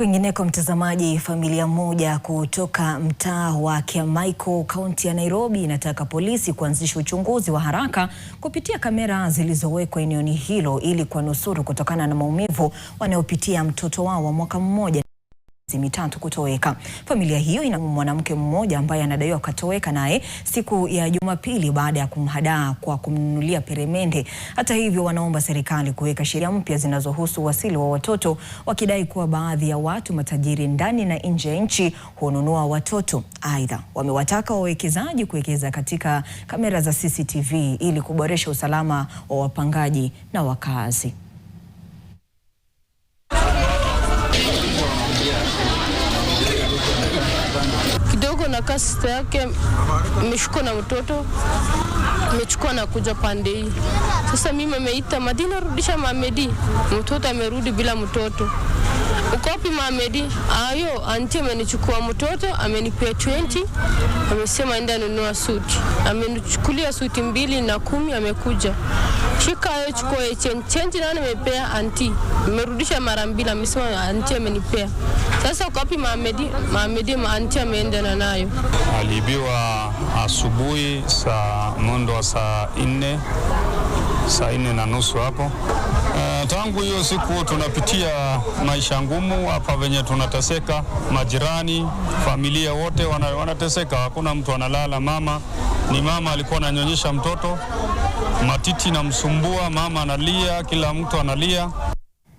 Kwingineko mtazamaji, familia moja kutoka mtaa wa Kiamaiko kaunti ya Nairobi inataka polisi kuanzisha uchunguzi wa haraka kupitia kamera zilizowekwa eneo hilo ili kuwanusuru kutokana na maumivu wanayopitia mtoto wao wa mwaka mmoja miezi mitatu kutoweka. Familia hiyo ina mwanamke mmoja ambaye anadaiwa katoweka naye siku ya Jumapili baada ya kumhadaa kwa kumnunulia peremende. Hata hivyo, wanaomba serikali kuweka sheria mpya zinazohusu uwasili wa watoto, wakidai kuwa baadhi ya watu matajiri ndani na nje ya nchi hununua watoto. Aidha, wamewataka wawekezaji kuwekeza katika kamera za CCTV ili kuboresha usalama wa wapangaji na wakazi. niko na kasta yake imeshuka na mtoto mechukua na kuja pande hii sasa, mimi ameita Madina, rudisha Mamedi, mtoto amerudi bila mtoto Ukopi Mamedi, ayo anti amenichukua mtoto amenipea 20, amesema enda nunua suti. Amenichukulia suti mbili na kumi, amekuja shika ayo, chukua change change, nani nimepea anti, amerudisha mara mbili, amesema anti amenipea. Sasa Ukopi Mamedi, Mamedi anti ameenda na nayo. Alibiwa asubuhi saa mwendo wa saa 4 saa 4 na nusu hapo Eh, tangu hiyo siku tunapitia maisha ngumu hapa, venye tunateseka, majirani, familia wote wanateseka, hakuna mtu analala. Mama ni mama alikuwa ananyonyesha mtoto, matiti namsumbua, mama analia, kila mtu analia.